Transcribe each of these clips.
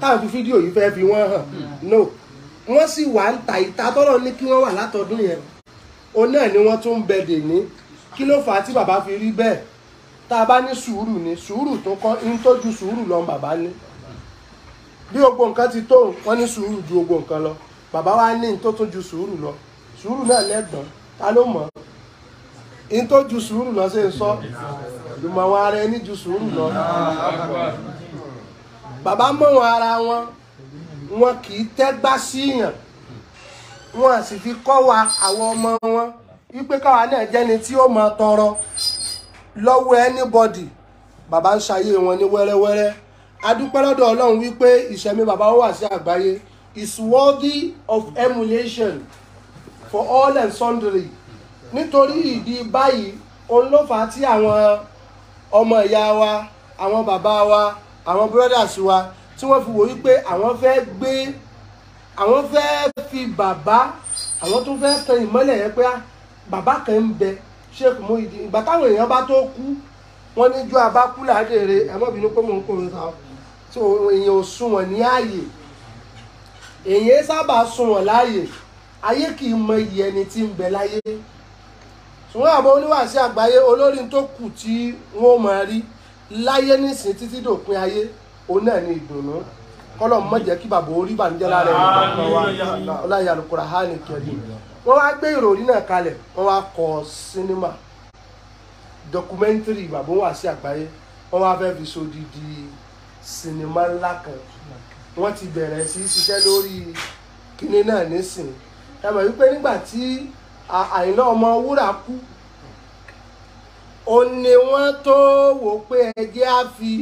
táwọn fi fídíò yìí fẹ́ fi wọ́n hàn hmm. no wọ́n sì wà ń ta ìta tọ́lọ́ ní kí wọ́n wà látọdún yẹn o náà ni wọ́n tún ń bẹ dèní kí ló fà á tí bàbá fi rí bẹ́ẹ̀ tá a bá ní sùúrù ni sùúrù tó kọ́ ń tọ́jú sùúrù lọ bàbá ní bí gbogbo nǹkan ti tó wọ́n ní sùúrù ju gbogbo nǹkan lọ bàbá wa ní tó ju sùúrù lọ sùúrù náà lẹ́gbọ̀n ta ló mọ̀ ń sùúrù lọ ṣe ń sọ ìmọ̀ àwọn ará ẹni ju sùúrù lọ bàbá mọ̀wọ́n ara wọn wọn kì í tẹ́gbá síyàn wọn sì fi kọ́ wa àwọn ọmọ wọn wípé káwa náà jẹ́ni tí ó máa tọrọ lọ́wọ́ anybody bàbá ń ṣayé wọn ní wẹ́rẹ́wẹ́rẹ́ adúpẹ́ lọ́dọ̀ ọlọ́run wípé ìṣẹ̀mí bàbá wà sí àgbáyé is worthy of emulation for all and sundry nítorí ìdí báyìí òun ló fà á tí àwọn ọmọ ìyá wa àwọn bàbá wa àwọn brothers wa tí wọ́n fi wò wípé àwọn fẹ́ gbé àwọn fẹ́ fi bàbá àwọn tó fẹ́ tan ìmọ́lẹ̀ yẹn pé ah, bàbá kan ń bẹ Sheikh Muyideen ìgbà táwọn èèyàn bá tó kú wọ́n ní ju abákú ládèrè ẹ̀mọ́bìnú pé mò ń kó nǹkan tó èèyàn ò sùn wọ̀n ní ààyè èèyàn sábà sùn wọ̀n láàyè ayé kì í mọ iyì ẹni tí ń bẹ láyé ṣùgbọ́n àwọn oníwàásí àgbáyé olórin tó kù tí wọ́n máa rí láyé nísìnyí títí dòpin ayé òun náà ni ìdùnnú kọlọ mọ jẹ kí bàbá orí bànújẹ́ lára ẹni ọláyà alukura hàní kẹrin wọn wá gbé ìròyìn náà kalẹ̀ wọn wá kọ sinima dọkumẹntiri bàbá wà sí àgbáyé wọn wá fẹ́ fi sodidi sinima ńlá kan wọn ti bẹ̀rẹ̀ sí ṣiṣẹ́ lórí kíní náà nísìnyí ẹ mọ̀ wípé nígbà tí Àyìnlá ọmọ wúrà kú ó ní wọ́n tó wò pé ẹjẹ́ á fi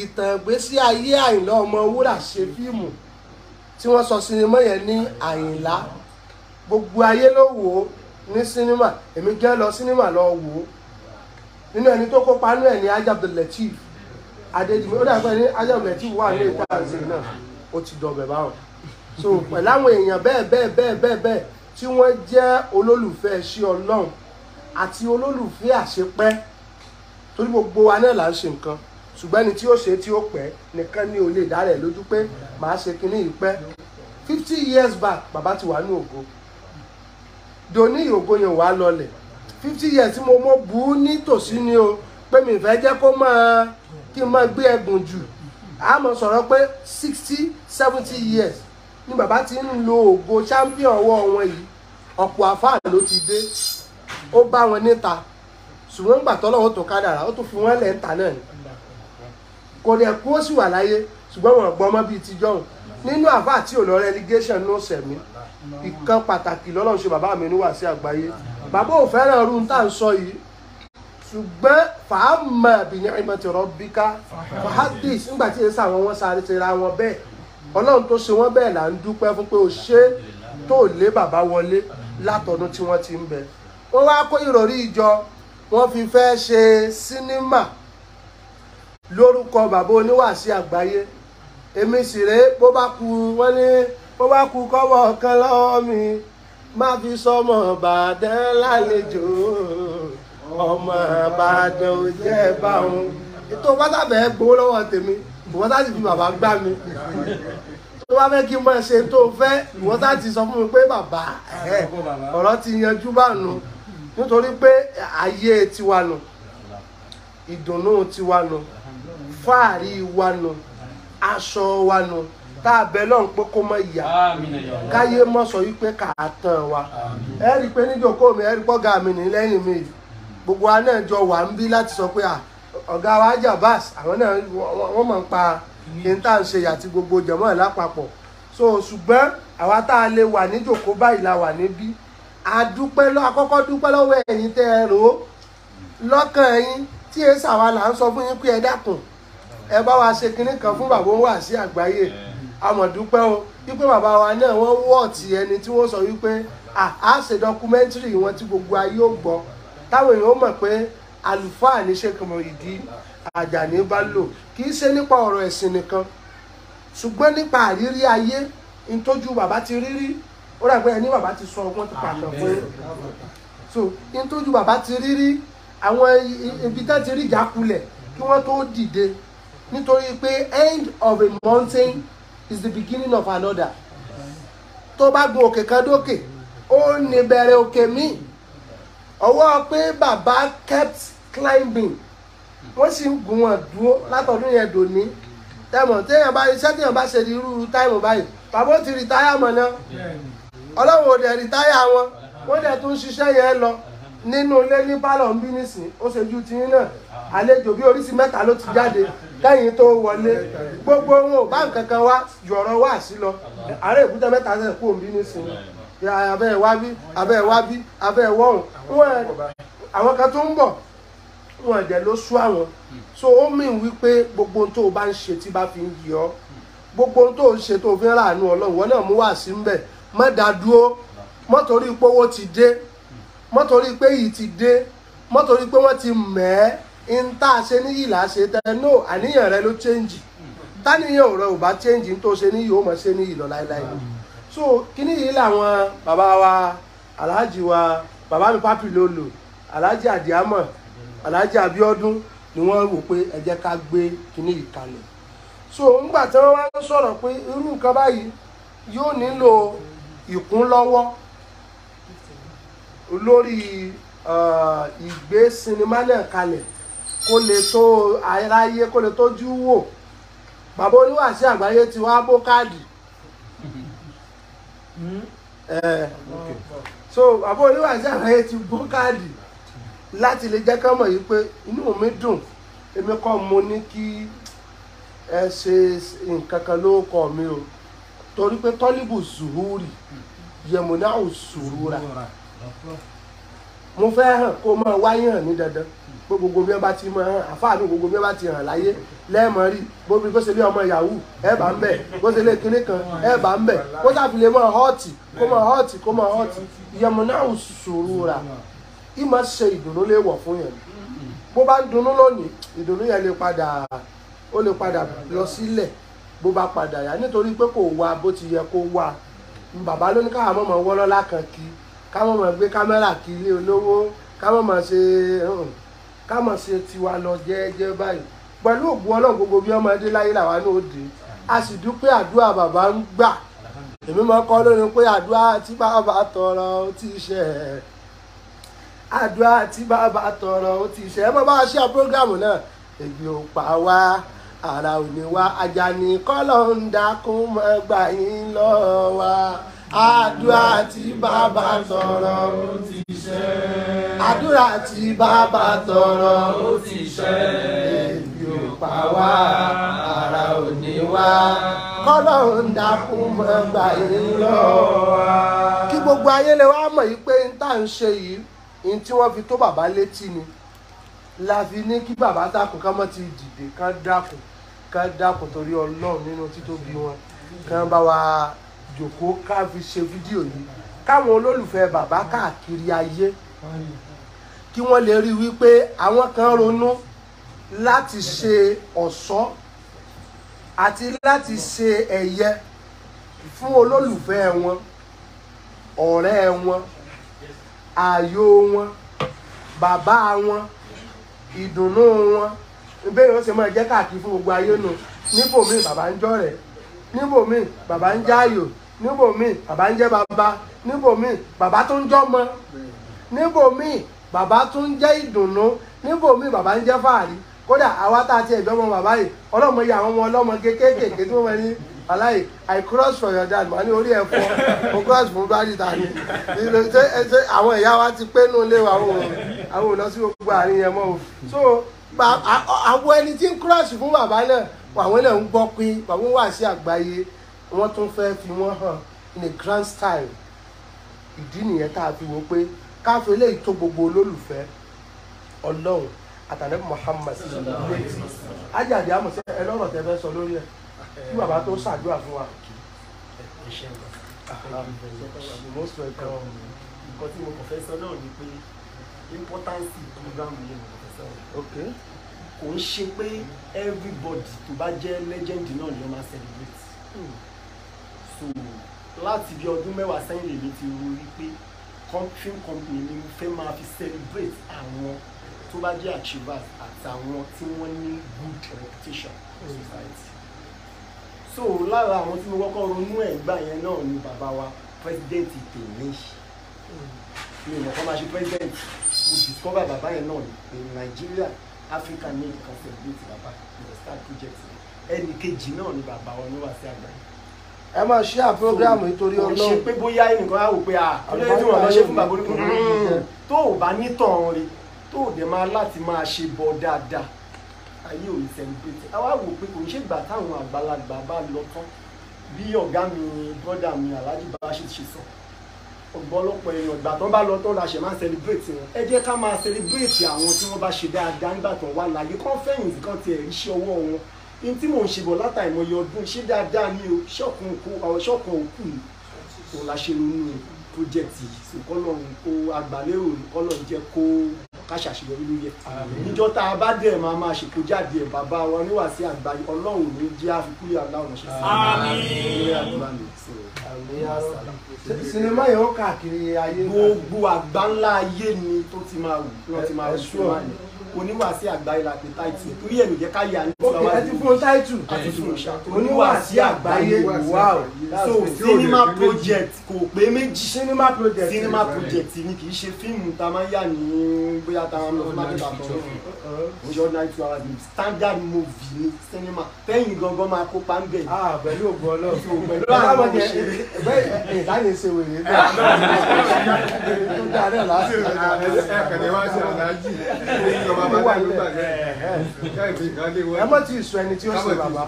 ìtàn ìgbésí ayé àyìnlá ọmọ wúrà ṣe fíìmù tí wọ́n sọ sinimá yẹn ní àyìnlá gbogbo ayé ló wò ó ní sinimá èmi gẹ́ lọ sinimá lọ wò ó nínú ẹni tó kópa nínú ẹ̀ ní Ajah Abdul Lateef Adéjùmọ̀ ó dàgbà ní Ajah Abdul Lateef wà ní ìta àti náà ó ti dọ̀bẹ̀ báwọn so pẹ̀lú èèyàn bẹ́ẹ̀ bẹ́ẹ̀ bẹ́ẹ̀ bẹ́ẹ̀ tí wọ́n jẹ́ olólùfẹ́ ṣí ọlọ́run àti olólùfẹ́ àṣepẹ́ torí gbogbo wa náà là ń ṣe nǹkan ṣùgbọ́n ẹni tí ó ṣe tí ó pẹ́ nìkan ni ò lè dá rẹ̀ lójú pé màá ṣe kinní yìí pẹ́ fifty years back bàbá ti wà ní ògo dòní ògo yẹn wà lọlẹ̀ fifty years tí mo mọ bù ú nítòsí ni o pé mi fẹ́ jẹ́ kó máa kí n máa gbé ẹ̀gùn jù a mọ̀ sọ̀rọ̀ pé sixty seventy years ni bàbá ti ń lo ògo champion ọwọ́ wọn yìí ọ̀pọ̀ àfáà ló ti dé ó bá wọn níta ṣùgbọ́n gbà tọ́lọ́wọ́ tó kádàrá ó tún fi wọ́n lẹ̀ ń ta náà ni kò ní ẹ̀kú ó sì wà láyé ṣùgbọ́n wọn gbọ́n mọ́ bíi tijọ́ nínú àbá àti ònà relegation ní ọ̀sẹ̀ mi ìkan pàtàkì lọ́lọ́run ṣe bàbá mi níwà sí àgbáyé bàbá ò fẹ́ràn ọrùn tá à ń sọ yìí ṣùgbọ́n fàámà bìnrin ẹ̀mọ́ ti rọ́bíkà fàádìs nígbà tí èsì àwọn wọn sáré ti ra wọn bẹ́ẹ̀ ọlọ́run tó ṣe wọ́n bẹ́ẹ̀ là ń dúpẹ́ fún pé o ṣe tó lé bàbá wọlé látọ̀dún tí wọ́n ti ń bẹ wọ́n wá kó ìròrí ìjọ wọ́n fi fẹ́ ṣe sínímà lórúkọ bàbá oníwàásí àgbáyé èmi sì rèé bó bá ku wọ́n ní bó bá ku kọ́wọ́ kan lọ́wọ́ mi má fi sọmọ bàdán lálejò ọmọ bàdàn ò jẹ́ báwọn ètò pátábẹ́ gbowó lọ́wọ́ tèmi ìwọ́n sáà ti fi bàbá gbá mi tó bá fẹ́ kí n máa ṣe tó fẹ́ ìwọ́n sáà ti sọ fún mi pé bàbá ọ̀rọ̀ ti yanjú báà nù nítorí pé ayé tiwa nù ìdùnnú tiwa nù fáàrí wa nù aṣọ wa nù tá a bẹ lọ́n pé kó mọ ìyá káyé mọ̀ sọ wípé kà á tàn wa ẹ rí i pé níjòkó mi ẹ rí pọ́gà mi ní lẹ́yìn mi gbogbo wa náà jọ wà ń bí láti sọ pé ọ̀gá wa jabas àwọn náà wọ́n mọ̀ ń pa kí ń ṣe àti gbogbo jẹ̀mọ́ ẹ̀ lápapọ̀ so ṣùgbọ́n àwa tá a lè wà níjòkó báyìí la wà níbí àdúpẹ́ lọ àkọ́kọ́ dúpẹ́ lọ́wọ́ ẹ̀yin tẹ́ ẹ rò ó lọ́kàn yín tí ẹ sàwa là ń sọ fún yín pé ẹ dákun ẹ bá wa ṣe kinní kan fún bàbá wa sí àgbáyé àmọ̀dúpẹ́ o wípé bàbá wa náà wọ́n wọ́ọ̀tì ẹni tí wọ́n sọ wípé à ṣe dọkumẹ́ntìrì wọn tí gbogbo ayé ò gbọ́ táwọn èèyàn mọ̀ pé àlùfáà ní ṣe kọmọ ìdí àjàní bá lò kì í ṣe nípa ọ̀rọ̀ ẹ̀sìn nìkan ṣùgbọ́n nípa àrírí ayé ntójú bàbá ti rírí ó rà pé ẹni bàbá ti sọ ọgbọ́n ti pàtó pé so n tójú bàbá ti rí rí àwọn ibi tá ti rí ìjákulẹ̀ kí wọ́n tó dìde nítorí pé end of a mountain is the beginning of another tó bá gun òkè kan dókè ó ní bẹ̀rẹ̀ òkè míì ọwọ́ pé bàbá kept climbing wọ́n sì ń gun wọn dúró látọ̀dún yẹn dòní tẹ̀mọ̀ téèyàn bá iṣẹ́ téèyàn bá ṣe irú táìmù báyìí bàbá ó ti rìtáyà mọ̀ náà ọlọ́run ò dẹ̀ rìtáyà wọn wọ́n dẹ̀ tún ṣiṣẹ́ yẹn lọ nínú ilé ní pálọ̀ ń bí nísìn ó ṣojú tiyín náà àlejò bí oríṣi mẹ́ta ló ti jáde kẹ́yìn tó wọlé gbogbo wọn ò bá nǹkan kan wá ju ọ̀rọ̀ wá sí lọ ààrẹ èkúté mẹ́ta náà kú òun bí nísìn abẹ́ ẹ̀ wá bí abẹ́ ẹ̀ wá bí abẹ́ ẹ̀ wọ́hùn àwọn kan tó ń bọ̀ wọn ẹ̀dẹ̀ ló sú àwọn so ó mìn wípé gbogbo ohun tó o bá ń ṣe tí bá fi ń yọ gbogbo ohun tó o ń ṣe tó o fi ń ràánú ọlọ́run wọn náà mú wá sí ń bẹ̀ má dá dúró má torí pé owó ti dé má torí pé yìí ti dé má torí pé wọ́n ti mẹ́ ẹ́ ń tá a ṣe níyì là á no àníyàn rẹ ló change táníyàn rẹ ò bá change ń tó ṣe níyì ó mọ̀ ṣe níyì lọ láéláé so kíní yìí làwọn bàbá wa aláàjì wa bàbá mi pápì ló lò aláàjì àdìámọ̀ aláàjì àbíọ́dún ni wọ́n wò pé ẹ ká gbé kíní yìí kalẹ̀ so ńgbà tí wọ́n wá ń sọ̀rọ̀ pé irú nǹkan báyìí yóò nílò ìkúnlọ́wọ́ lórí ìgbé sinimá náà kalẹ̀ kó lè tó aráyé kó lè tójú wò bàbá oníwàásí àgbáyé ti wá bó káàdì so bàbá oníwàásí àgbáyé ti bó káàdì láti lè jẹ́ ká mọ̀ yìí pé inú mi dùn èmi kọ́ mo ní kí ẹ ṣe nǹkan kan lórúkọ mi o torí pé tọ́líbù zuhuri yẹmúná òṣùrúra mo fẹ́ hàn kó mọ wáyé hàn ní dandan pé gbogbo bí wọ́n bá ti mọ hàn àfáàní gbogbo bí wọ́n bá ti hàn láyé lẹ́ẹ̀mọ́ rí bóbi bó ṣe lé ọmọ yahoo ẹ bá ń bẹ̀ bó ṣe lé kíní kan ẹ bá ń bẹ̀ kó tàbí lè mọ họ́ọ̀tì kó mọ họ́ọ̀tì kó mọ họ́ọ̀tì yẹmúná òṣùrúra ìmọ̀ ṣe ìdùnnú lè wọ̀ fún yẹn bó bá ń dunnú lónìí ìdùnnú yẹn lè padà ó lè padà lọ sílẹ̀ bó bá padà yá nítorí pé kò wá bó ti yẹ kó wá bàbá ló ní káwọn mọ̀mọ́ wọ́lọ́lá kan kí káwọn mọ̀ gbé kámẹ́rà kí ilé olówó káwọn mọ̀ ṣe káwọn ṣe tiwa lọ jẹ́ẹ́jẹ́ báyìí pẹ̀lú ògbó ọlọ́run gbogbo bí ọmọdé láyé làwa náà dé a sì dúpẹ́ àdúrà bàbá ń gbà èmi mọ̀ kọ́ lónìí pé àdúrà tí bàbá tọrọ ó ti ṣe àdúrà tí bàbá tọrọ ó ti ṣe ẹ mọ̀ bá a ṣe àpọ́gàmù náà ègbè ò pa wá ara ò ní wá Àjàní kọ́lọ̀ ń dákún mọ́ gbà yín lọ́wọ́ wa àdúrà tí bàbá tọrọ ó ti ṣẹ. àdúrà tí bàbá tọrọ ó ti ṣẹ. èyí ò pa wá ara ò ní wá kọ́lọ̀ ń dákún mọ́ gbà yín lọ́wọ́ wa. kí gbogbo ayé lè wá mọ̀ yìí pé n ń ṣe yìí n tí wọ́n fi tó bàbá létí ni la fi ní kí bàbá dákun ká mọ́ ti dìde ká dákun ká dákun torí ọlọ́run nínú títóbi wọn kán bá wa jòkó ká fi ṣe fídíò yìí káwọn olólùfẹ́ bàbá káàkiri ayé kí wọ́n lè rí wípé àwọn kan ronú láti ṣe ọ̀ṣọ́ àti láti ṣe ẹ̀yẹ fún olólùfẹ́ wọn ọ̀rẹ́ wọn ààyò wọn bàbá wọn ìdùnnú wọn bẹ́ẹ̀ ó ṣe máa jẹ́ káàkiri fún gbogbo ayé nu níbò míì bàbá ń jọ̀rẹ́ níbò míì bàbá ń jáyò níbò míì bàbá ń jẹ́ bàbá níbò míì bàbá tó ń jọ́mọ níbò míì bàbá tó ń jẹ́ ìdùnnú níbò míì bàbá ń jẹ́ fàárí kódà àwa tá a ti ẹ̀jọ́ mọ bàbá yìí ọlọ́mọ yìí àwọn ọmọ ọlọ́mọ kéékèèké tí wọ́n mọ aláì i cross for your dad màá ní orí ẹ̀ fọ́ mo cross fún báyìí ta ni àwọn ìyá wa ti pé nù lé wa àwọn ò lọ sí gbogbo àárín yẹn mọ́ o so àwọn ẹni tí ń kúrọ̀sì fún bàbá náà àwọn náà ń gbọ́ pé bàbá wà sí àgbáyé wọ́n tún fẹ́ fi wọ́n hàn in a grand style ìdí nìyẹn tá a fi wò pé káfí eléyìí tó gbogbo olólùfẹ́ ọlọ́run àtàlẹ́ Muhammad sí létí ajáde àmọ̀sẹ́ ẹ lọ́rọ̀ tẹ́ fẹ́ sọ lórí ẹ̀ kí bàbá tó ṣàdúrà fún wa. nǹkan tí mo kàn fẹ́ sọ náà ni pé importance program yìí kò ń ṣe pé everybody tó bá jẹ́ legend náà ni wọ́n máa celebrate hmm. so láti bí ọdún mẹ́wàá sẹ́yìn lèmi ti rò rí pé film company ni mo fẹ́ máa fi celebrate àwọn tó bá jẹ́ achievers àtàwọn tí wọ́n ní good reputation for hmm. society so lára àwọn tí mo kọ́kọ́ ronú ẹ̀ gbà yẹn náà ni bàbá wa president tèmi hmm. mi ò mọ̀ kọ́ máa ṣe president mo discover bàbá yẹn náà pé Nigeria Africa need can celebrate bàbá the star project ẹnì kejì náà ni bàbá wọn ló wà sí àgbáyé. ẹ máa ṣe àpérógrámù nítorí ọlọ́run. kò ṣe pé bóyá ẹnìkan á wò pé à ah, lóyún tí wọn lọ ṣe fún bàbá oníkùnrin mm. mm. tó o bá nítàn rẹ̀ tó o dẹ̀ máa láti máa ṣe bọ̀ dáadáa ayé ò ní sẹ́ńpẹ́tì àwa wò pé kò ń ṣe gbà táwọn àgbàlagbà bá lọ tán bí ọ̀gá mi brọ́dà mi Alhaji Bashir ṣe sọ ọ̀pọ̀lọpọ̀ èèyàn ìgbà tó bá lọ tó ra ṣe máa ń celebrate wọn ẹ jẹ́ ká máa celebrate àwọn tí wọ́n bá ṣe dáadáa nígbà tó wà láyé kán fẹ̀yìntì kan tiẹ̀ ríṣẹ́ ọwọ́ wọn ní tí mò ń ṣe bọ̀ látà ìmọ̀ye ọdún ṣé dáadáa ni o ṣọ́ọ̀kan òkú ni òun la ṣe ronú project yìí kọ́lọ́run kó agbálẹ́rò kọ́lọ́run jẹ́ kó ká ṣàṣeyọrí lóye níjọ́ tá a bá dẹ̀ máa máa ṣètò jáde ẹ̀ bàbá wa níwà sí àgbáyé ọlọ́run ní jẹ́ àfikún yà láwọn ṣe sí. sinimá yẹn ó káàkiri ayé. gbogbo àgbáńlá ayé ni tó ti máa wù tó ti máa wù sí wa ni oníwàásí àgbáyé la pe táìtù torí ẹ̀ jẹ́ ká yà ní ìtura wa ní fún táìtù oníwàásí àgbáyé wow so cinema project kò pé méjì cinema project ni kì í ṣe fíìmù tá a máa ń yà ní bóyá táwọn lọ fún mákẹ́tà tó ń rìn ní ordinary two hours ni standard movie ni cinema fẹ́yìn gangan máa kópa ń bẹ̀. ah pẹ̀lú ògùn ọlọ́run pẹ̀lú àwọn ọmọ ṣe bẹ́ẹ̀ ìdáni ṣe wèrè bẹ́ẹ̀ tó dáa náà lásìkò. ẹ kẹ̀lé wá sí aláàjì ní ọba bá dé lóba rẹ̀ káyọ̀dé ìgbàlè wọlé. ẹ mọ̀ tí ì sọ ẹni tí ó ṣe bàbá.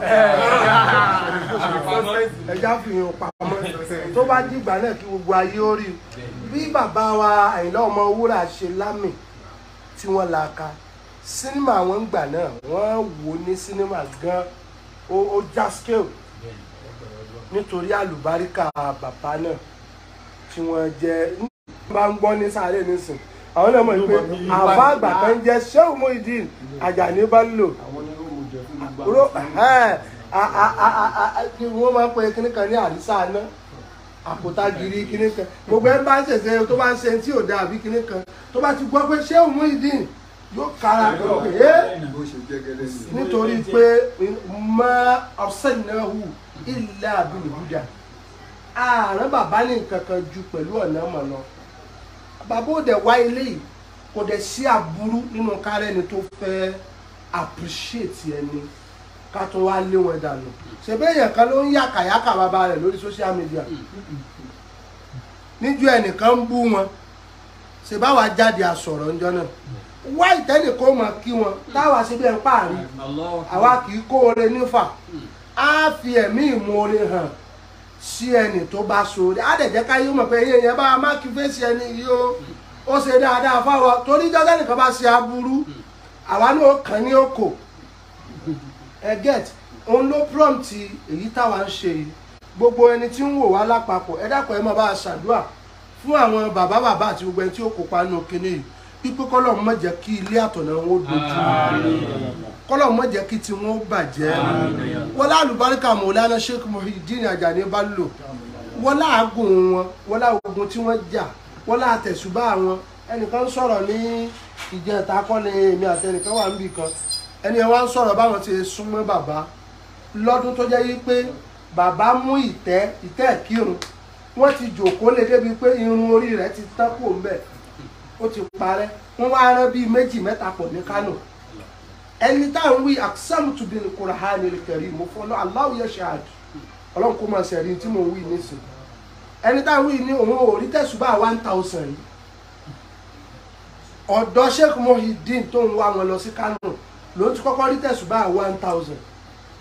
ẹ já fi hàn pamọ́ tó bá dìgbà náà kí gbogbo ayé ó rí bí bàbá wa Àyìnlá Ọmọwúrà ṣe lámì tí wọ́n la ka sinima àwọn gbà náà wọ́n wò ní sinima gan ó ó já scale nítorí àlùbáríkà bàbá náà tí wọ́n jẹ́ bá ń gbọ́ ní sáré nísìn àwọn náà mọ̀ pé àbá àgbà kan ń jẹ́ Shehu Muyideen Ajani Bello wọ́n máa ń pe kíní kan ní àrísà náà àpótágìrì kinní kan gbogbo ẹ bá ń ṣẹ̀ṣẹ̀ tó bá ń ṣe tí ò dáa àbí kinní kan tó bá ti gbọ́ pé ṣé òun Muyideen yóò kára pé eh. ẹ nítorí pé mọ ọ̀sẹ̀ náà hù ilẹ̀ àbílùbúdà ààrùn bàbá ní nǹkan kan ju pẹ̀lú ọ̀nà mọ̀ lọ bàbá ò dẹ̀ wá ilé yìí kò dẹ̀ sí aburú nínú kárẹ́ni tó fẹ́ appreciate ẹni. ká tún wá lé wọn dànù ṣebí èèyàn kan ló ń yàkàyàkà bàbá rẹ̀ lórí social media níjọ́ ẹnìkan ń bú wọn ṣe báwa jáde àsọ̀rọ̀ ńjọ́ náà wá ìtẹ́lẹ̀ kó mọ̀ kí wọn táwa ṣe bẹ́ẹ̀ ń pààrí àwa kì í kó nífà á fi ẹ̀mí ìmoore hàn sí ẹni tó bá ṣoore á dẹ̀ jẹ́ káyé mọ̀ pé eyín yẹn bá má kí fèsì ẹni yìí ó ṣe dáadáa fáwọn torí nìkan bá ẹ get òun ló prompt èyí táwa ń ṣe yìí gbogbo ẹni tí ń wò wá lápapọ̀ ẹ dákun ẹ máa bá a ṣàdúrà fún àwọn bàbá bàbá àti gbogbo ẹni tí ó kópa nínú kinní yìí pípé kọ́lọ̀ mọ̀ jẹ́ kí ilé àtọ̀nà wọn ó dojú kọ́lọ̀ mọ̀ jẹ́ kí tiwọn ó bàjẹ́ wọlá àlùbáríkà mọ̀lánà Sheikh Muhyiddin Ajani Bello wọlá àgùn wọn wọlá ogun tí wọ́n jà wọlá àtẹ̀sùbá wọn ẹnìkan sọ̀rọ̀ ní ìjẹta kọ́ni èmi àtẹnìkan wà níbì kan ẹni ẹ wá ń sọ̀rọ̀ báwọn ti súnmọ́ bàbá lọ́dún tó jẹ́ yìí pé bàbá mú ìtẹ́ ìtẹ́ ìkírun wọ́n ti jòkó lé débi pé irun orí rẹ̀ ti tán kò ń bẹ̀ ó ti parẹ́ wọ́n wá rán bíi méjì mẹ́ta pọ̀ ní Kánò ẹni táwọn wí àkísàmùtù bíi Kùránì kẹrì mo fọ́ lọ́ Allahu yashhad ọlọ́run kó máa ṣẹ̀rí tí mo wí nísìn ẹni tá wí ní òun ò rí tẹ̀sùbá one thousand yìí ọ̀dọ̀ Sheikh Muhyiddin tó ń wá wọn lọ sí Kánò ló ti kọ́kọ́ rí tẹ̀sùbá one thousand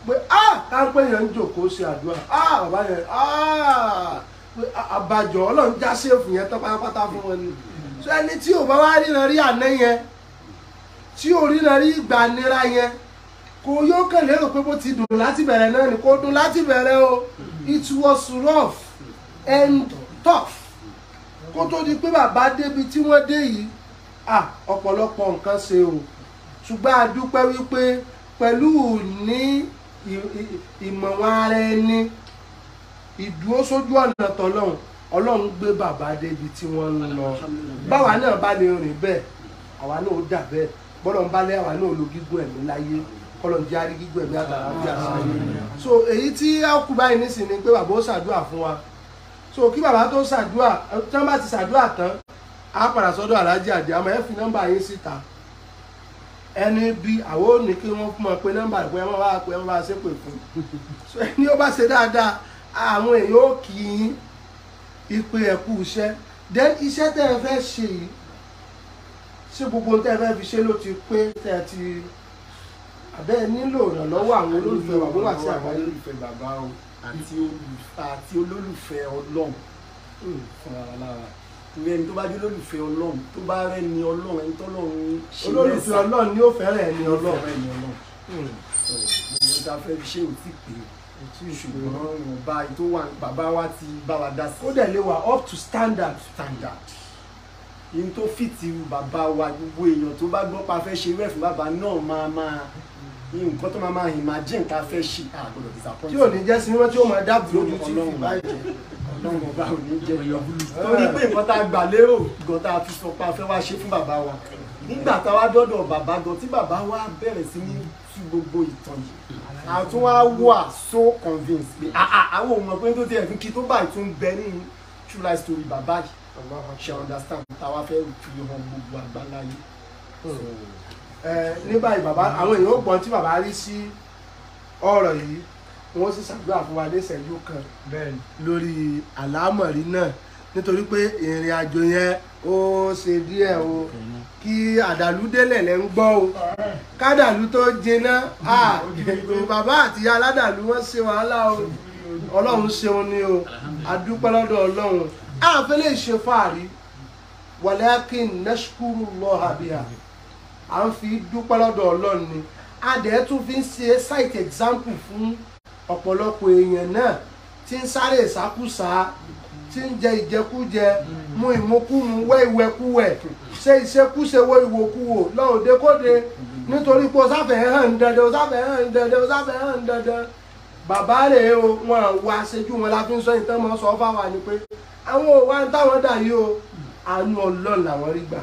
pé ah káńpé yẹn ń jòkóó ṣe àdúrà ah bàbá yẹn ah pé àbàjọ ọlọ́run já séèfù yẹn tán pátápátá fún wọn ni so ẹni tí ò bá wá ríran rí àná yẹn tí ò ríran rí ìgbà nira yẹn kò yóò kàn lérò pé bó ti dùn láti bẹ̀rẹ̀ náà ni kò dùn láti bẹ̀rẹ̀ o it was rough and tough kó tó di pé bàbá débi tí wọ́n dé yìí ah ọ̀pọ̀lọpọ̀ nǹkan ṣe o ṣùgbọ́n a dúpẹ́ wípé pẹ̀lú ní ìmọ̀wọ́n ara ẹni ìdúró sójú ọ̀nà tọ́lọ́hún ọlọ́run gbé bàbá débi tí wọ́n ń lọ báwa náà bá lè rìn bẹ́ẹ̀ àwa náà ó dà bẹ́ẹ̀ bọ́lọ̀ ń balẹ̀ àwa náà lo gígùn ẹ̀mí láyé kọ́lọ̀ ń jẹ́ gígùn ẹ̀mí àtàrà àti àṣàyè so èyí tí ákú báyìí nísìnyí ni pé bàbá ó ṣàdúrà fún wa so kí bàbá tó ṣàdúrà tí wọ́n bá ti ṣàdúrà tán á padà sọ́dọ̀ aláàjì àdìyàmọ́ ẹ fi nọ́mbà yín síta ẹni bí àwọn ò ní kí wọ́n fún ọ pé nọ́mbà rẹ̀ pé wọ́n bá pé wọ́n bá ṣépè fún so ẹni ó bá ṣe dáadáa àwọn èèyàn ó kì í ipe ẹ̀kú iṣẹ́ then iṣẹ́ tẹ́ ẹ fẹ́ ṣe yìí ṣé gbogbo tẹ́ ẹ fẹ́ fi ṣe ló ti pé tẹ́ ẹ ti àbẹ́ nílò ìrànlọ́wọ́ àwọn olólùfẹ́ bàbá wà sí àwọn olólùfẹ́ bàbá o àti olólùfẹ́ ọlọ́run hmm, fún ara lára torí ẹni tó bá jẹ́ olólùfẹ́ ọlọ́run tó bá rẹ́ ni ọlọ́run ẹni tó lọ́run ṣe mẹ́sà olólùfẹ́ ni ó fẹ́rẹ̀ ẹni ọlọ́run ẹni ọlọ́run ọ̀rọ̀ hmm. ta fẹ́ fi ṣé ò tí pé ṣùgbọ́n ọba tó wà bàbá wa ti bá wa dá sí. ó dẹ̀ lè wà up to standard standard yìí tó fìtì bàbá wa gbogbo èèyàn tó bá gbọ́ pa fẹ́ ṣe rẹ̀ fún bàbá náà máa máa nǹkan tó máa máa imagine ta fẹ́ ṣe àgbọ̀dọ̀ disappoint. tí ò ní jẹ́ sinimá tí ó máa dábòó lójú tí ó fi bá jẹ lọ́wọ́ bá ò ní jẹ yọ torí pé nǹkan tá a gbà lérò gan tá a fi sọ pé fẹ́ wá ṣe fún bàbá wa nígbà tá a wá dọ́dọ̀ bàbá gan tí bàbá wa bẹ̀rẹ̀ sí ní tú gbogbo ìtàn yìí àtún wá wà so convinced pé àwọn òun ọ̀pẹ́ tó ti ẹ̀fín kí tó báyìí tún bẹ ní true life story bàbá yìí ṣe understand táwa fẹ́ fi hàn gbogbo àgbáláyé. ní báyìí bàbá àwọn èèyàn ó gbọ́n tí bàbá rí sí ọ̀rọ̀ yìí wọ́n sì ṣàdúrà fún wa níṣẹ́jú kan lórí àlámọ̀rí náà nítorí pé ìrìn àjò yẹn ó ṣe díẹ̀ o kí àdàlú délẹ̀ lẹ́ ń gbọ́ o kádàlú tó jiná bàbá àti aládàlú wọ́n ṣe wàhálà o ọlọ́run ṣeun ni o adúpẹ́ lọ́dọ̀ ọlọ́run àfẹ́lẹ́ ìṣe fàárí walakin nashkuru lọ́ha bíhà à ń fi dúpẹ́ lọ́dọ̀ ọlọ́run ni a dẹ̀ tún fi ń ṣe site example fún ọ̀pọ̀lọpọ̀ èèyàn náà tí ń sáré ìsákúsá tí ń jẹ ìjẹkújẹ mm. mu ìmukúmu wẹ ìwẹkúwẹ ṣe ìṣekúṣe wo ìwòkuwò lọ́ọ̀dẹ kóde mm. nítorí pé o sáfẹ́ hàn dandan o sáfẹ́ hàn dandan o sáfẹ́ hàn dandan bàbá rẹ̀ o wọn àwọ aṣojú wọn la fi ń sọ ìtàn mọ́ sọ fáwa ni pé àwọn òwa ń táwọn dà yìí o àánú ọlọ́run làwọn rí gbà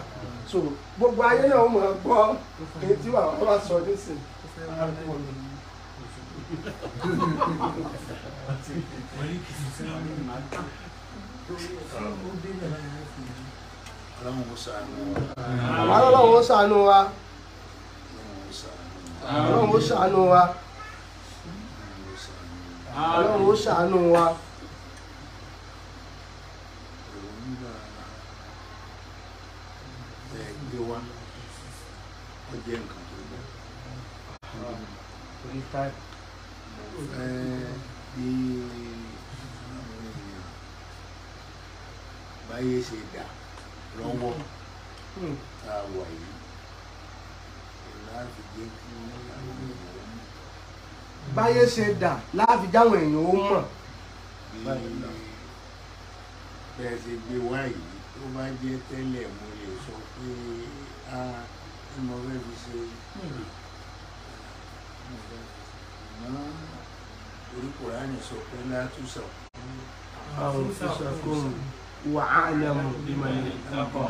so gbogbo ayé náà wọ́n gbọ́ èyí tí wàá wá sọ nísìnyí ọlọ́run ó wa ọlọ́run ó wa ọlọ́run ó wa. Thank you bí àwọn èèyàn báyé ṣe dà lọ́wọ́ tá a wà yìí láti jẹ́ kí àwọn èèyàn ó mọ̀. báyé ṣe dà láti jáwọn èèyàn ó mọ̀. bẹ́ẹ̀ ṣe gbé wá a ní mo fẹ́ fi torí kùránì sọ pé látúnṣà àwọn fúnṣàkóhùn wà á lẹ́mú bímọ ilé dábọ̀.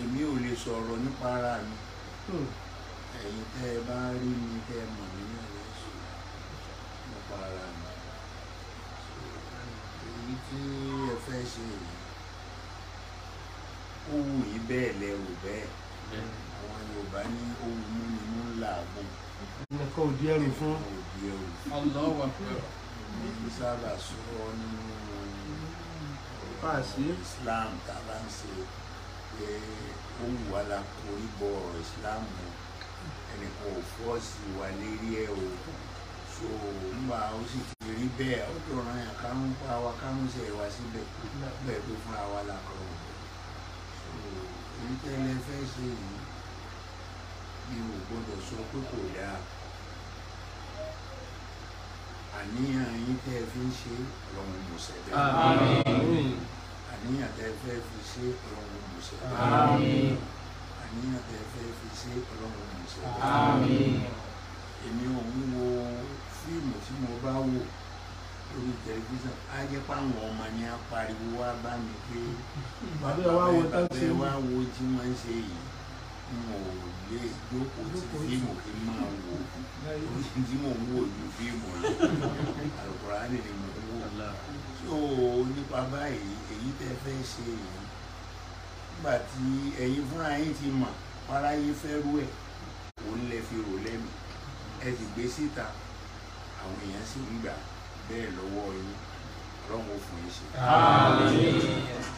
èmi ò lè sọ̀rọ̀ nípa ara mi hmm. ẹ̀yin tẹ́ ẹ bá rí mi tẹ́ ẹ mọ̀ nínú ẹ̀ sọ nípa ara mi èyí tí ẹ fẹ́ ṣe yìí ó wù yín bẹ́ẹ̀ lẹ rò bẹ́ẹ̀ àwọn Yorùbá ní ohun múni làágùn. nǹkan ò di ẹrù fún. ọlọ́wọ́ Islam tàbá ń ṣe pé ó wù wá la korí bọ Islam ẹnìkan ò fọ́ọ̀sì wà lérí ẹ̀ o so nígbà ó sì ti rí bẹ́ẹ̀ ó tó ràn yàn kárún pa wa kárún ṣe wá síbẹ̀ bẹ́ẹ̀ tó fúnra wa la kọ̀ so èyí tẹ́lẹ̀ fẹ́ ṣe yìí mi ò sọ pé kò dáa àníyàn yín tẹ́ ẹ fi ń ṣe ọlọ́run mọ̀ọ́sẹ̀ bẹ́ẹ̀ àníyàn tẹ́ ẹ fẹ́ fi ṣe ọlọ́run mọ̀ọ́sẹ̀ bẹ́ẹ̀ àníyàn tẹ́ ẹ fẹ́ fi ṣe ọlọ́run mọ̀ọ́sẹ̀ bẹ́ẹ̀ èmi ò wo fíìmù tí mo bá wò lórí tẹlifíṣàn á jẹ́ páwọn ọmọ ni á pariwo wá bá mi pé bàbá ẹ wá wo tí wọ́n ń ṣe yìí n ò lè jókòó tí fíìmù fi máa wò ó tí mò ń wò ní fíìmù rẹ̀ àlùkùránì ni mò ń wò so nípa báyìí èyí tẹ́ fẹ́ ṣe yìí nígbà tí ẹ̀yin fúnra yín ti mọ̀ paráyé fẹ́ rú ẹ̀ òun lẹ fi rò lẹ́mìí ẹ ti gbé síta àwọn èèyàn sì ń gbà bẹ́ẹ̀ lọ́wọ́ yín ọlọ́run ò fún yín ṣe. àmín.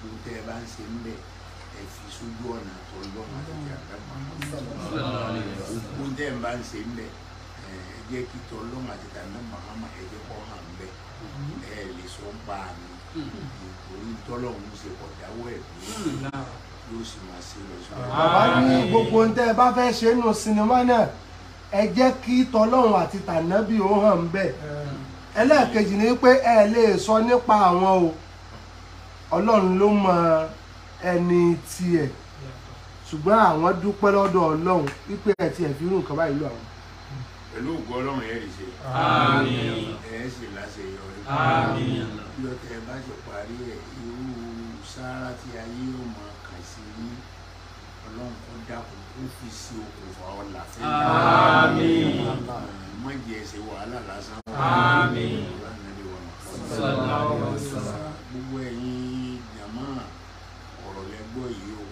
gbogbo tẹ́ ẹ bá ń ṣe ń bẹ̀ ẹ fi sójú ọ̀nà tó lọ́mọ àti àgbàmọ́ gbogbo tẹ́ ẹ bá ń ṣe ń bẹ̀ ẹ jẹ́ kí tọ́ lọ́mọ àti àgbàmọ́ àmà ẹ jẹ́ kọ́ hàn bẹ́ ẹ lè sọ ń pa nítorí tọ́lọ́hún ṣe kọ̀ dáwọ́ ẹ̀ yóò sì máa ṣe lọ sí bàbá ní gbogbo tẹ́ ẹ bá fẹ́ ṣe nù sinimá náà ẹ jẹ́ kí tọ́lọ́hún àti tànábì ó hàn bẹ́ẹ̀ ẹlẹ́ẹ̀kejì ni pé ẹ lè sọ nípa àwọn o ọlọ́run ló mọ ẹni tiẹ̀ ṣùgbọ́n àwọn dúpẹ́ lọ́dọ̀ ọlọ́run wípé ẹ̀ tiẹ̀ fi irú nǹkan báyìí lù àwọn. pẹ̀lú ògùn ọlọ́run ẹ̀ rí ṣe ẹ̀ ṣe láṣeyọrí yọ tẹ ẹ bá ṣe parí ẹ irú sáárá tí ayé yóò mọ kàn sí yín ọlọ́run kó dákun kó fi sí okùnfà ọ̀la fẹ́ mọ jẹ ẹsẹ wàhálà lásán. gbogbo ẹ̀yin gbọ́ yìí o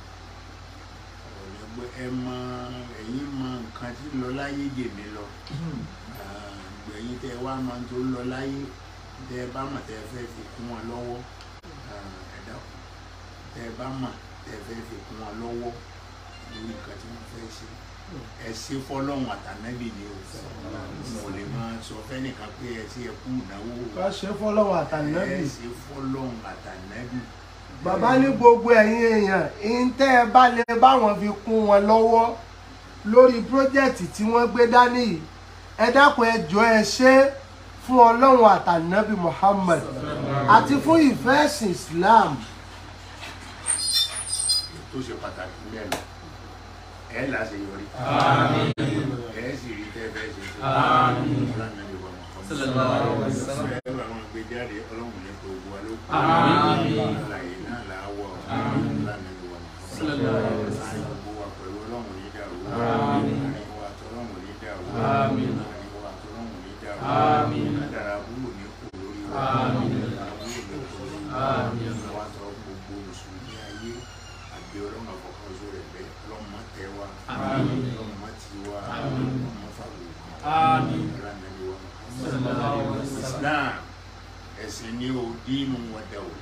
ọ̀rọ̀ lẹ gbọ́ ẹ mọ ẹ̀yin mọ nǹkan tí lọ láyé jèmi lọ gbẹ̀yìn tẹ wá máa ń tó lọ láyé tẹ bá mọ̀ tẹ fẹ́ fi kún wọn lọ́wọ́ ẹ dákun tẹ bá mọ̀ tẹ fẹ́ fi kún wọn lọ́wọ́ lórí nǹkan tí wọ́n fẹ́ ṣe ẹ ṣe fọlọ́run àtànábì ni o mo lè máa sọ fẹ́nìkan pé ẹ ṣe ẹ kú ìnáwó ẹ ṣe fọlọ́run àtànábì ẹ ṣe fọlọ́run àtànábì bàbá ní gbogbo ẹ̀yin èèyàn ìǹtẹ́ ẹ bá lè báwọn fi kún wọn lọ́wọ́ lórí pírójẹ́tì tí wọ́n gbé dání yìí ẹ dákun ẹ jọ̀ọ́ ẹ ṣe fún ọlọ́run àtànábì Muhammad àti fún ìfẹ́ ẹ̀sìn Islam. tó ṣe pàtàkì mẹ́rin ẹ là ṣe yọrí ẹ sì rí tẹ́ fẹ́ ṣe ṣe ọlọ́run ẹni wà mọ́ gbé jáde ọlọ́run ẹni tó wà ló kọ́ ẹ̀sìn ni o dínú wa dáwò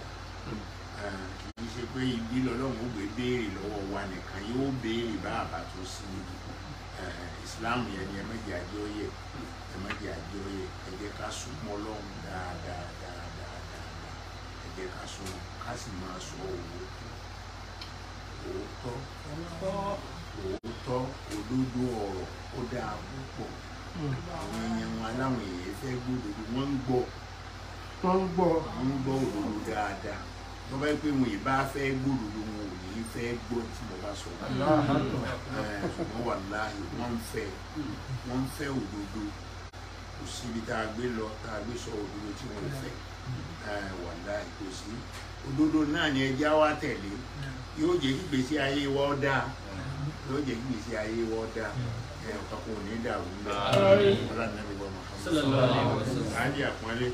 ṣe pé ibi lọ́lọ́run ó gbé béèrè lọ́wọ́ wa nìkan yóò béèrè bá àbá tó sí níbi Islam yẹn ni ẹ má jẹ́ àjọ yẹ ẹ má jẹ́ àjọ yẹ ẹ jẹ́ ká súnmọ́ Ọlọ́run dáadáa dáadáa dáadáa ẹ jẹ́ ká sọ ká sì máa sọ òótọ́ òótọ́ òótọ́ òdodo ọ̀rọ̀ ó dáa púpọ̀ àwọn èèyàn wọn aláwọn èèyàn fẹ́ gbọ́dọ̀ wọ́n ń gbọ́ wọ́n ń gbọ́ òdodo dáadáa tó bá yẹ pé wọn fẹ́ gbòòrò wọn ò ní fẹ́ gbọ́ tí mo bá sọ ṣùgbọ́n wà láàyè wọ́n ń fẹ́ wọ́n ń fẹ́ òdodo kò síbi tá a gbé lọ tá a gbé sọ òdodo tí wọ́n fẹ́ wà láàyè kò sí òdodo náà ni ẹja wa tẹ̀lé yóò jẹ́ kí ayé wa dáa yóò jẹ́ kí ayé wa dáa ọ̀kan kò ní dàrú ọlọ́run náà ní bọ́ mọ́ àlè àpọ́nlé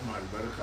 ọmọ àlùbáríkà.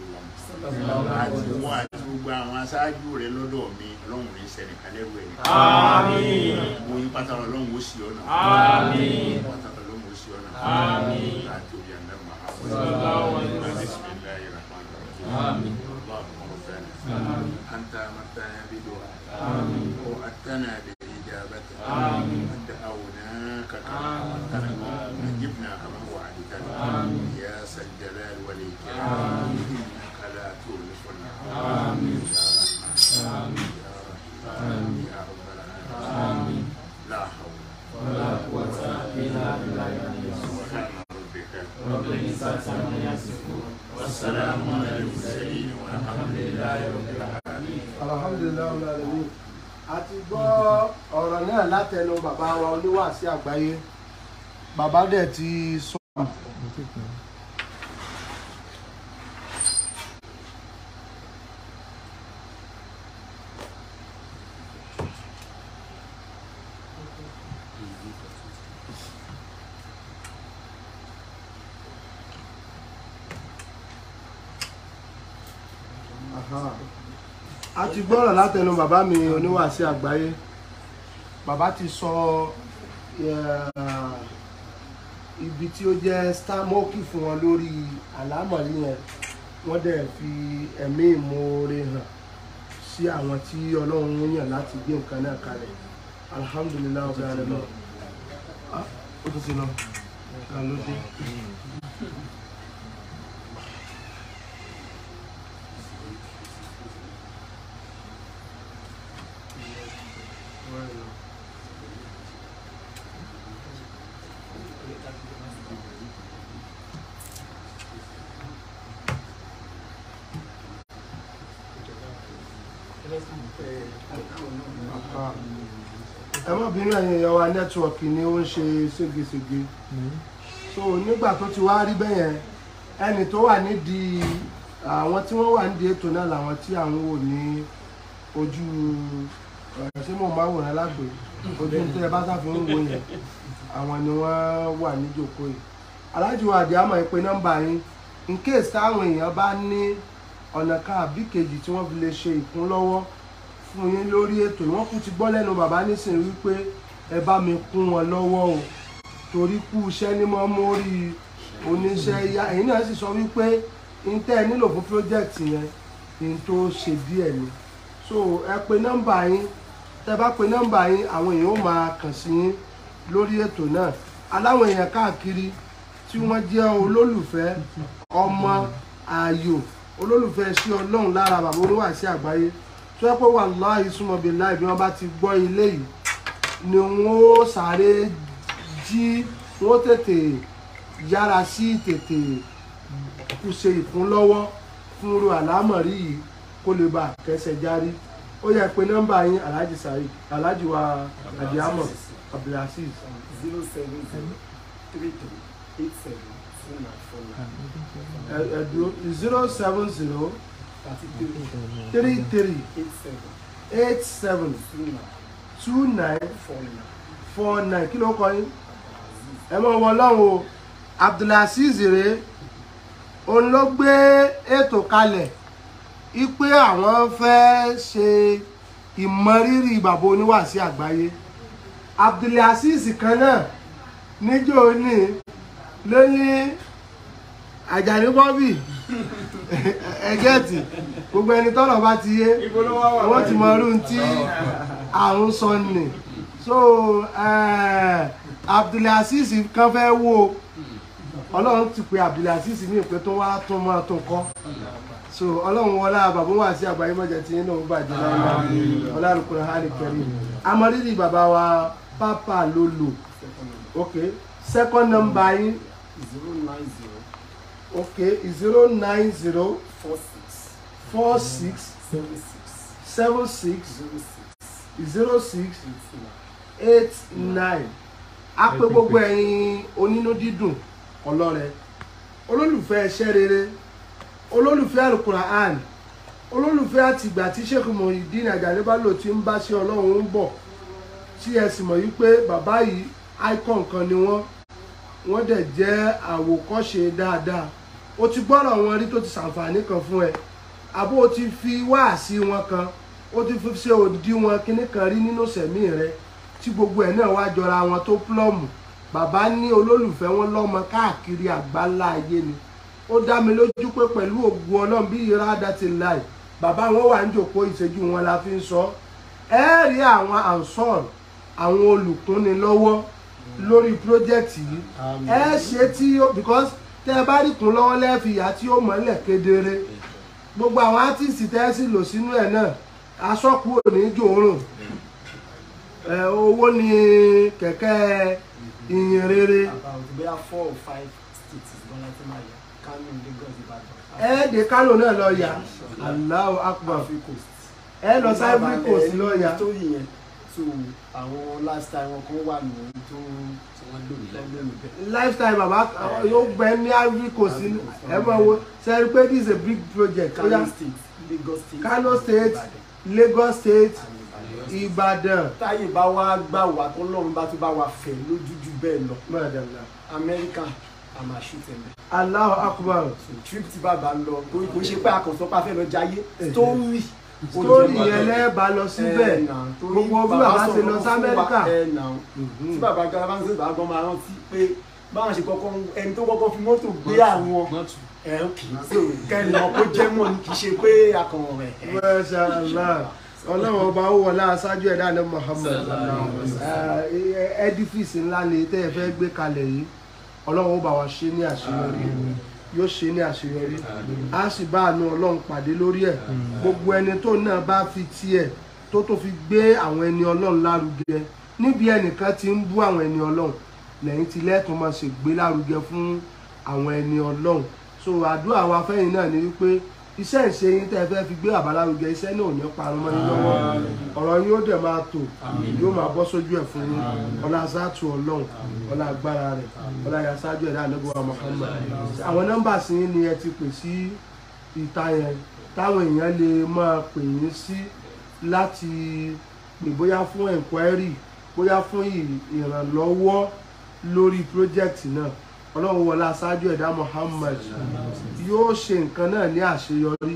òun àti àwọn aṣáájú rẹ lọ́dọ̀ mi ọlọ́run rẹ sẹ́ni kálẹ́rù ẹ̀ àmín mo yí pátá ọlọ́run ó sì ọ̀nà àmín pátá ọlọ́run ó sì ọ̀nà àmín láti òye àná màá bismillahi rahmani rahim allahumma rabbana anta amartana bidu'a wa atana bi ijabati. والسلام على المرسلين والحمد لله رب العالمين الحمد لله رب العالمين a ti gbọ́ ọ̀rọ̀ náà látẹnu bàbá wa oníwàásí àgbáyé bàbá dẹ̀ ti sọ. gbọ́rọ̀ látẹnu bàbá mi oníwàásí àgbáyé bàbá ti sọ ibi tí ó jẹ́ stamọ́kì fún wọn lórí àlámọ̀rí yẹn wọ́n dẹ̀ fi ẹ̀mí ìmoore hàn sí àwọn tí ọlọ́run ń yàn láti gbé nǹkan náà kalẹ̀ alhamdulilayi ọ̀gá rẹ̀ lọ ó tún ti lọ ọ̀gá ló dé. Hmm. ẹ má bínú ẹ̀yin ìyá wa nẹ́tíwọ̀kì ni ó ń ṣe ségesège so nígbà tó ti wá rí bẹ́yẹn ẹni tó wà nídìí àwọn tí wọ́n wà nídìí ètò náà làwọn tí à ń wò ní ojú ṣé mò ń bá wòran lágbo ojú tó yẹ bá sáfi ń wò yẹn àwọn ni wọ́n wà níjòkó yìí aláàjì wa àdìá mọ̀ pé nọ́mbà yín in case táwọn èèyàn bá ní ọ̀nà kan àbí tí wọ́n fi lè ṣe ìkúnlọ́wọ́ fún yín lórí ètò wọ́n kú ti gbọ́ lẹ́nu bàbá nísìnyí wípé ẹ bá mi kún wọn lọ́wọ́ o torí kú iṣẹ́ ní mọ́ mórí oníṣẹ́ yá èyí náà sì sọ wípé n tẹ́ ẹ nílò fún project yẹn n tó ṣe díẹ̀ ni so ẹ pe nọ́mbà yín tẹ́ bá pe nọ́mbà yín àwọn èèyàn ó máa kàn sí yín lórí ètò náà aláwọn èèyàn káàkiri tí wọ́n jẹ́ olólùfẹ́ ọmọ ààyò olólùfẹ́ sí ọlọ́run lára bàbá olúwa sí àgbáyé tó yẹ pé wà láàyè súnmọ́ bíi láì bí wọ́n bá ti gbọ́ ilé yìí ni wọ́n sáré jí wọ́n tètè yára sí tètè ṣe ìfúnlọ́wọ́ fún irú àlámọ̀rí yìí kó lè bá kẹsẹ̀ járí ó yẹ pé nọ́mbà yín alhaji sari alhaji wa adiamọ abdulaziz. zero seven zero three two eight seven four nine four nine. ẹ ẹ dúró zero seven zero thirty-three eight seven two nine four nine kí ló kọ yín ẹ mọ wọn lọ́hùn o Abdulaziz rèé òun ló gbé ètò kalẹ̀ ipe àwọn fẹ́ ṣe ìmọrírì bàbá oníwàásí àgbáyé Abdulaziz kan náà níjọ́ ní ló ní ẹgẹ́ẹ̀tì gbogbo ẹni tọ́rọ̀ bá ti yé wọ́n ti mọ irú tí à ń sọ nì so eh, Abdulaziz kan fẹ́ wo ọlọ́run ti pe Abdulaziz ní ìpè tó wá tó mọ́ tó kọ́ so ọlọ́run wọlá bàbá wà sí àgbáyé mọ́jà tí yín náà bàjẹ́ láyé ọlọ́run kúrò hálì kẹrin amọ̀rírì bàbá wa pápá ló lò ok second number yín zero nine zero okay zero nine zero four six four six seven six seven six zero six zero six eight nine a pè gbogbo ẹ̀yin onínú dídùn ọlọ́rẹ olólùfẹ́ iṣẹ́ rere olólùfẹ́ alukura'an olólùfẹ́ àtìgbà tí sheikh Muyideen Ajani Bello ti ń bá ṣe ọlọ́run ń bọ̀ tí ẹ sì mọ̀ yìí pé bàbá yìí icon kan ni wọ́n wọ́n dẹ̀ jẹ́ àwòkọ́ṣe dáadáa o ti gbọ́rọ̀ wọn rí tó ti ṣàǹfààní kan fún ẹ àbó o ti fi wáàsí wọn kan o ti fi ṣe òdiwọ̀n kíní kan rí nínú sẹ̀mí rẹ tí gbogbo ẹ̀ náà wá jọra wọn tó plọ́ọ̀mù bàbá ní olólùfẹ́ wọn lọ́mọ káàkiri àgbáńlá ayé ni ó dá mi lójú pé pẹ̀lú ògùn ọlọ́run bí ìrádá ti láì bàbá wọn wà ń jòkó ìṣẹ́jú wọn la fi ń sọ ẹ rí àwọn ansọ́ọ̀rù àwọn olùkúnni lọ́wọ́ lórí project yìí ẹ ṣe tí because tẹ́ ẹ bá rí kún lọ́wọ́ lẹ́fìyà tí ó mọ́lẹ̀ kedere gbogbo àwọn átìsì tẹ́ ẹ sì lò sínú ẹ̀ náà asọ́kù ò ní jòórùn owó ni kẹ̀kẹ́ ìyìn rere. ẹ dé Kánò náà lọ yà Allahu Akbar ẹ lọ sí Ivory Coast lọ yà so àwọn lifestyle wọn kan wà ní tó lifestyle baba yóò gbẹ ní ivory coast ẹ mọ wo ṣe rí pé this is a big project Kano State Lagos State Kano State Lagos State Ibadan. táyé bá wá gbà wá tó lọ́run bá tó bá wá fẹ̀ lójújú bẹ́ẹ̀ lọ Amẹ́ríkà a máa ṣú tẹ̀lé. trip tí bàbá lọ kò ṣe pé akọ̀sọ́pá fẹ́ lọ jayé tó ń rì sítórì yẹn lẹ́ẹ̀bà lọ síbẹ̀ gbogbo bí bàbá ṣe lọ sí amẹ́ríkà. tí bàbá Galavansi bá gbọ́n máa rántí pé báwọn ṣe kọ́kọ́ ẹni tó kọ́kọ́ fi mọ́tò gbé àwọn kẹ́ni ọkọ̀ jẹ́ mọ̀ ní kì í ṣe pé akàn rẹ̀. ọlọ́run ọba ó wọlé aṣáájú ẹ̀dá ní Muhammad edifice ńlá ni tẹ́ ẹ fẹ́ gbé kalẹ̀ yìí ọlọ́run ó bá wa ṣe ní àṣeyọrí yóò ṣe ní àṣeyọrí a sì bá àánú ọlọ́run pàdé lórí ẹ̀ gbogbo ẹni tó náà bá fi tiẹ̀ tó tó fi gbé àwọn ẹni ọlọ́run lárugẹ níbi ẹnìkan ti ń bú àwọn ẹni ọlọ́run lẹ́yìn tí lẹ́ẹ̀kan máa ṣe gbé lárugẹ fún àwọn ẹni ọlọ́run so àdúrà wa fẹ́yìn náà ni wípé iṣẹ́ ìṣe yín tẹ́ fẹ́ fi gbé àbálárugẹ iṣẹ́ náà ní parun mọ́ yín lọ́wọ́ ọ̀rọ̀ yín ó dẹ̀ máa tò yóò máa bọ́ sójú ẹ̀ fún yín ọlá aṣáàtú ọlọ́run ọlá agbára rẹ̀ ọlá aṣáájú ẹ̀dá àdébọ̀wá Muhammad àwọn nọ́mbà sí yín ni ẹ ti pè sí ìta yẹn táwọn èèyàn lè máa pè yín sí láti pè bóyá fún enquiry bóyá fún ìrànlọ́wọ́ lórí project náà ọlọ́run wọlá aṣáájú ẹ̀dá Muhammad yóò ṣe nǹkan náà ní àṣeyọrí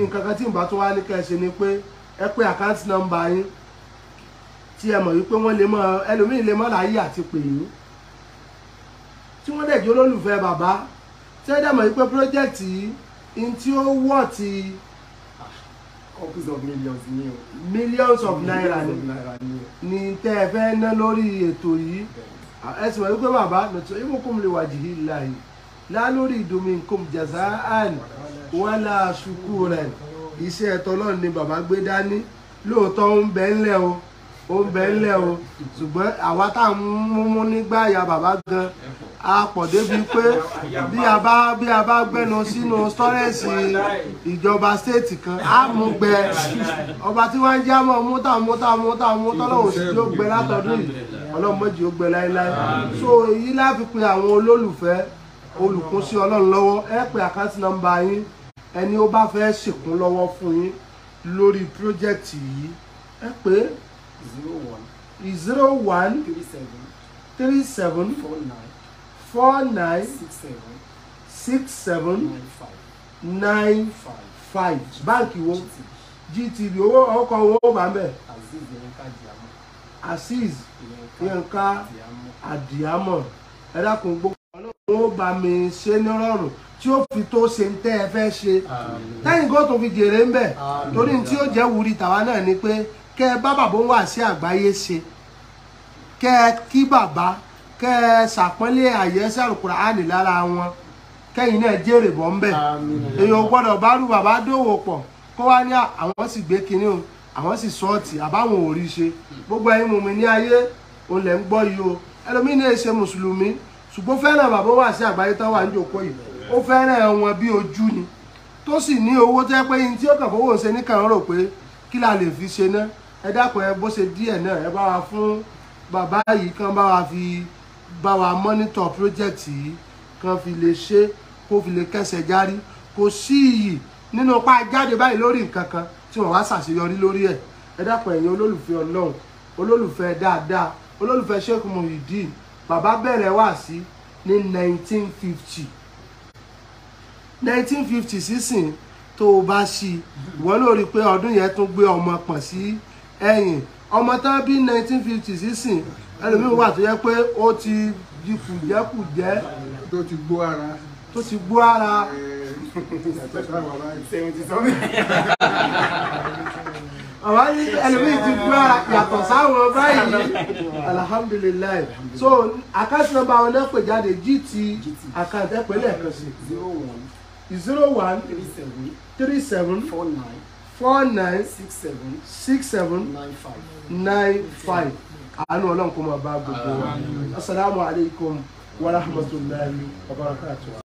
nǹkan kan tí n bá tó wá ní ká ẹ ni pé ẹ pé àkáǹtì nọ́mbà yín tí ẹ mọ̀ wípé wọ́n lè mọ ẹlòmíì lè mọ̀ láyé àti pè yín tí wọ́n dẹ̀ jẹ́ olólùfẹ́ bàbá tí ẹ dẹ̀ mọ̀ wípé pírójẹ́tì yìí tí ó wọ̀ ti. copies of millions ni o. millions of naira ni tẹ́ ẹ fẹ́ ná lórí ètò yìí ẹsìn wọn wípé bàbá nàtọ ìmùkùn lè wàjìhì láàyè lálórí ìdùnmí nǹkan jazaan wàlà ṣùkúrẹ̀ iṣẹ́ ẹ̀tọ́ náà ni bàbá gbé dání lóòótọ́ ó ń bẹ ńlẹ̀ o ó ń bẹ o ṣùgbọ́n àwa tá à ń mú nígbà ya bàbá gan a pọ̀ débi pé bí a bá bí a bá gbẹ́nu sínú stọ́rẹ́sì ìjọba stéètì kan á mú gbẹ ọba tí wọ́n ń já mọ́ mútà mútà mútà mútà lọ́wọ́ sí ló gbẹ látọdún yìí ọlọ́mọdé ó gbẹ láéláé so èyí láfi pe àwọn olólùfẹ́ olùkún sí ọlọ́run lọ́wọ́ ẹ pé àkáǹtì nọ́mbà yín ẹni ó bá fẹ́ ṣèkún lọ́wọ́ fún yín lórí pírójẹ́kìtì yìí ẹ pé zero one zero one three seven three seven four nine four nine six seven six seven nine five nine five báǹkì wo gtb owó ọkọ̀ owó wà mẹ́. azeez yínká àdìámọ̀ ẹ dákun gbogbo ọlọ́run ó bá mi ṣe ní rọrùn tí ó fi tó ṣe ń tẹ́ ẹ fẹ́ ṣe tẹ́yìn kó tó fi jèrè ń bẹ̀ torí tí ó jẹ́ wuri tàwa náà ni pé kẹ́ bá bàbá wà sí àgbáyé ṣe kẹ́ kí bàbá kẹ́ ẹ ṣàpọ́nlé àyẹ́sẹ́ àlùkùránì lára wọn kẹ́yìn náà jèrè bọ́ ń bẹ̀ èèyàn gbọ́dọ̀ bá bàbá dòwò pọ̀ kó wá ní àwọn sì gbé kinní o àwọn sì sọ́ọ̀tì àbáwọn ò rí ṣe gbogbo ẹ̀yin mùmí ní ayé òun lẹ̀ ń gbọ́ yìí o ẹlòmíín náà ṣe mùsùlùmí ṣùgbọ́n fẹ́ràn bàbá wà sí àgbáyé tó wà ń jòkó yìí ó fẹ́ràn wọn bí ojú ni tó sì ní owó tó yẹ pé yín tí ó kàn fowó ṣe níkàn rò pé kí la lè fi ṣe náà ẹ dákun ẹ bó ṣe díẹ̀ náà ẹ bá wa fún bàbá yìí kan bá wa fi bá wa mọ́nítọ̀ pírójẹ́tì yìí kan fi lè ṣe kó fi lè kẹsẹ̀ járí kò sí iyì nínú pa jáde báyìí lórí nǹkan kan tí wọ́n wá ṣàṣeyọrí lórí ẹ̀ ẹ dákun ẹ̀yin olólùfẹ́ ọlọ́run olólùfẹ́ dáadáa olólùfẹ́ Sheikh Muyideen bàbá bẹ̀rẹ̀ wáàsí ní 1950 1950 sísìn tó o bá ṣí ìwọ ló rí i pé ọdún yẹn tún gbé ọmọ pọ̀ sí ẹ̀yìn ọmọ tán bí 1950 sísìn ẹlòmíì wà tó yẹ pé ó ti di kùjẹ́kùjẹ́ tó ti gbó ara tó ti gbó ara àwọn ẹlòmíì ti gbó ara yàtọ̀ sáwọn báyìí alhamdulilayi so àkáǹtì nọ́mbà wọn náà jáde gt àkáǹtì ẹpẹlẹ kan sí zero one three seven three seven four nine four nine six seven six seven nine five nine five àánú ọlọ́run kó máa bá gbogbo wa asalaamualeykum wa rahmatulahi wa barakatuh.